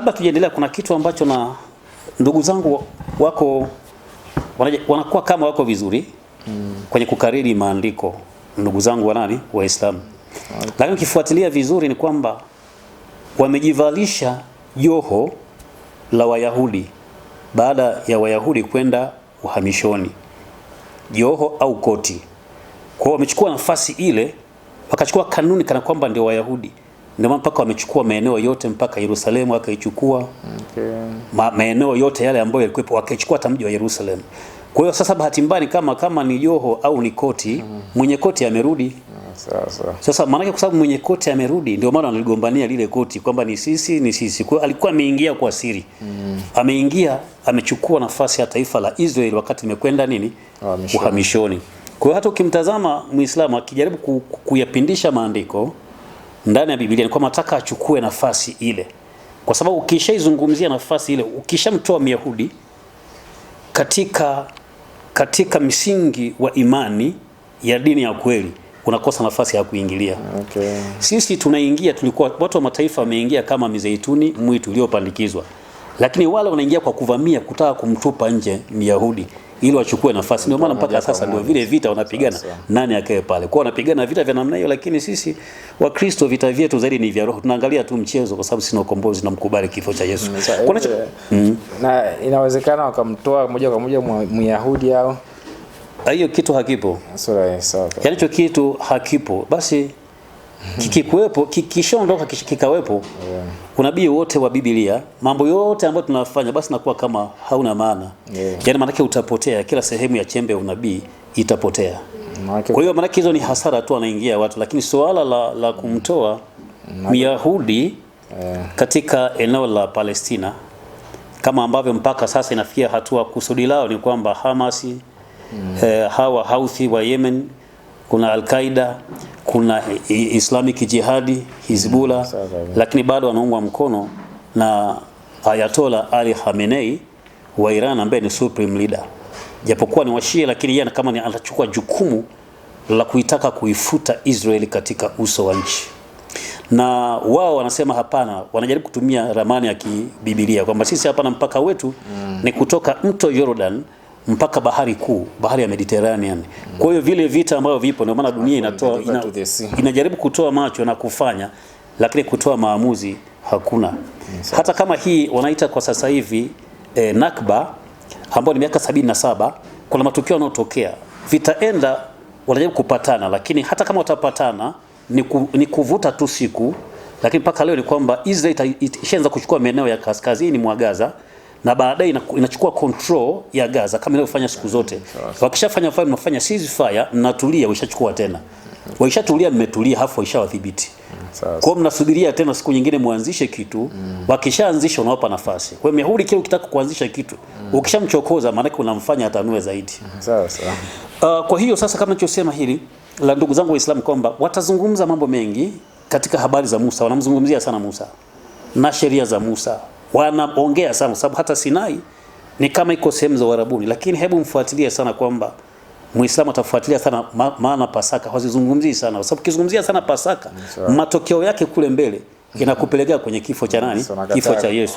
Kabla tujaendelea, kuna kitu ambacho na ndugu zangu wako wanakuwa kama wako vizuri mm. kwenye kukariri maandiko ndugu zangu wa nani Waislamu okay. Lakini ukifuatilia vizuri ni kwamba wamejivalisha joho la Wayahudi baada ya Wayahudi kwenda uhamishoni, joho au koti. Kwa wamechukua nafasi ile, wakachukua kanuni kana kwamba ndio Wayahudi ndio maana mpaka wamechukua maeneo yote mpaka Yerusalemu akaichukua okay. maeneo yote yale ambayo yalikuwepo wakaichukua hata mji wa Yerusalemu. Kwa hiyo sasa bahati mbaya kama kama ni Joho au ni Koti, mm. mwenye Koti amerudi. Ah, sasa sasa maanake kwa sababu mwenye Koti amerudi ndio maana wanaligombania lile Koti kwamba ni sisi ni sisi. Kwa hiyo alikuwa ameingia kwa siri. Mm. Ameingia amechukua nafasi ya taifa la Israeli wakati imekwenda nini? Uhamishoni. Kwa hiyo hata ukimtazama Muislamu akijaribu kuyapindisha maandiko ndani ya Biblia ni kwamba nataka achukue nafasi ile, kwa sababu ukishaizungumzia nafasi ile, ukishamtoa Myahudi katika, katika misingi wa imani ya dini ya kweli unakosa nafasi ya kuingilia. Okay. Sisi tunaingia, tulikuwa watu wa mataifa wameingia kama mizeituni mwitu uliopandikizwa, lakini wale wanaingia kwa kuvamia, kutaka kumtupa nje Myahudi ili wachukue nafasi. Ndio maana mpaka sasa ndio vile vita wanapigana nani akae pale kwa wanapigana vita vya namna hiyo. Lakini sisi Wakristo vita vyetu zaidi ni vya roho, tunaangalia tu mchezo, kwa sababu sina ukombozi, namkubali kifo cha Yesu mm, Kwanecho... mm. na inawezekana wakamtoa moja kwa moja Myahudi au ah, hiyo kitu hakipo, yaani hicho kitu hakipo basi kikikuwepo kikishaondoka kikawepo, yeah. unabii wote wa Biblia, mambo yote ambayo tunafanya basi nakuwa kama hauna maana yeah. Yani maanake utapotea, kila sehemu ya chembe ya unabii itapotea. Kwa hiyo maanake hizo ni hasara tu anaingia watu, lakini suala la, la kumtoa Myahudi yeah. katika eneo la Palestina kama ambavyo mpaka sasa inafikia hatua kusudi lao ni kwamba Hamasi mm. eh, hawa Houthi wa Yemen kuna Al-Qaida, kuna Islamic Jihadi, Hizbullah, lakini bado wanaungwa mkono na Ayatollah Ali Khamenei wa Iran ambaye ni supreme leader. Japokuwa ni washia lakini yeye kama ni anachukua jukumu la kuitaka kuifuta Israeli katika uso wa nchi. Na wao wanasema hapana, wanajaribu kutumia ramani ya kibibilia kwamba sisi hapana, mpaka wetu mm. ni kutoka mto Jordan mpaka bahari kuu, bahari ya Mediterranean. Kwa hiyo vile vita ambavyo vipo, ndio maana dunia inatoa ina, inajaribu kutoa macho na kufanya, lakini kutoa maamuzi hakuna. Hata kama hii wanaita kwa sasa hivi eh, Nakba ambayo ni miaka sabini na saba, kuna matukio yanayotokea, vitaenda wanajaribu kupatana, lakini hata kama watapatana ni, ku, ni kuvuta tu siku, lakini mpaka leo ni kwamba Israel ishaanza kuchukua maeneo ya kaskazini mwa Gaza na baadaye inachukua control ya Gaza kama inavyofanya siku zote. Wakishafanya fire, mnafanya ceasefire, mnatulia, waishachukua tena, waishatulia, mmetulia, hafu waishawadhibiti. Kwa mnasubiria tena siku nyingine muanzishe kitu, mm. wakishaanzisha unawapa nafasi. Kwa hiyo mihuri kile ukitaka kuanzisha kitu, mm. ukishamchokoza maana unamfanya atanue zaidi. Sasa. Uh, kwa hiyo sasa kama nilichosema hili la ndugu zangu Waislamu kwamba watazungumza mambo mengi katika habari za Musa, wanamzungumzia sana Musa na sheria za Musa wanaongea sana, sababu hata Sinai ni kama iko sehemu za Uarabuni, lakini hebu mfuatilie sana kwamba Muislamu atafuatilia sana maana Pasaka wazizungumzii sana, kwa sababu kizungumzia sana Pasaka matokeo yake kule mbele inakupelekea kwenye kifo cha nani? Kifo cha Yesu.